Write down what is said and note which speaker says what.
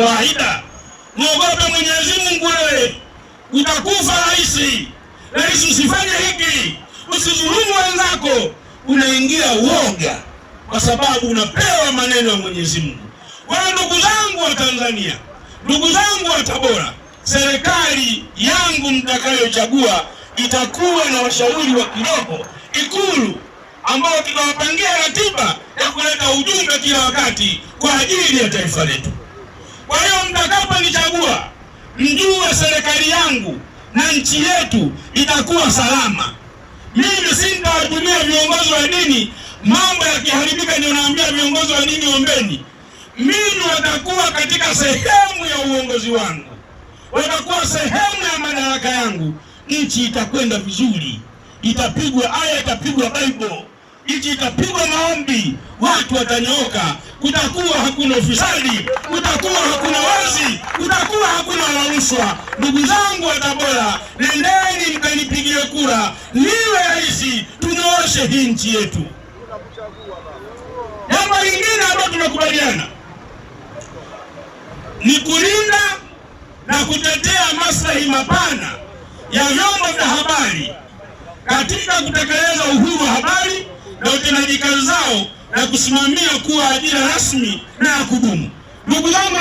Speaker 1: Waida, muogope Mwenyezi Mungu, wewe utakufa rahisi rahisi. Usifanye hiki, usizulumu wenzako. Unaingia uoga kwa sababu unapewa maneno ya Mwenyezi Mungu. Kwa ndugu zangu wa Tanzania, ndugu zangu wa Tabora, serikali yangu mtakayochagua itakuwa na washauri wa kiroho Ikulu ambao tutawapangia ratiba ya kuleta ujumbe kila wakati kwa ajili ya taifa letu. Kwa hiyo mtakaponichagua, mjue serikali yangu na nchi yetu itakuwa salama. Mimi sintawatumia viongozi wa dini, mambo yakiharibika ndio naambia viongozi wa dini ombeni. Mimi watakuwa katika sehemu ya uongozi wangu, watakuwa sehemu ya madaraka yangu. Nchi itakwenda vizuri, itapigwa aya, itapigwa Bible nchi itapigwa maombi, watu watanyooka, kutakuwa hakuna ufisadi, kutakuwa hakuna wazi, kutakuwa hakuna rushwa. Ndugu zangu wa Tabora, nendeni mkanipigie kura, liwe rahisi, tunyooshe hii nchi yetu. Jambo lingine ambayo tumekubaliana ni kulinda na kutetea maslahi mapana ya vyombo vya habari katika kutekeleza uhuru wa habari na utendaji kazi zao na kusimamia kuwa ajira rasmi na ya kudumu. Ndugu zangu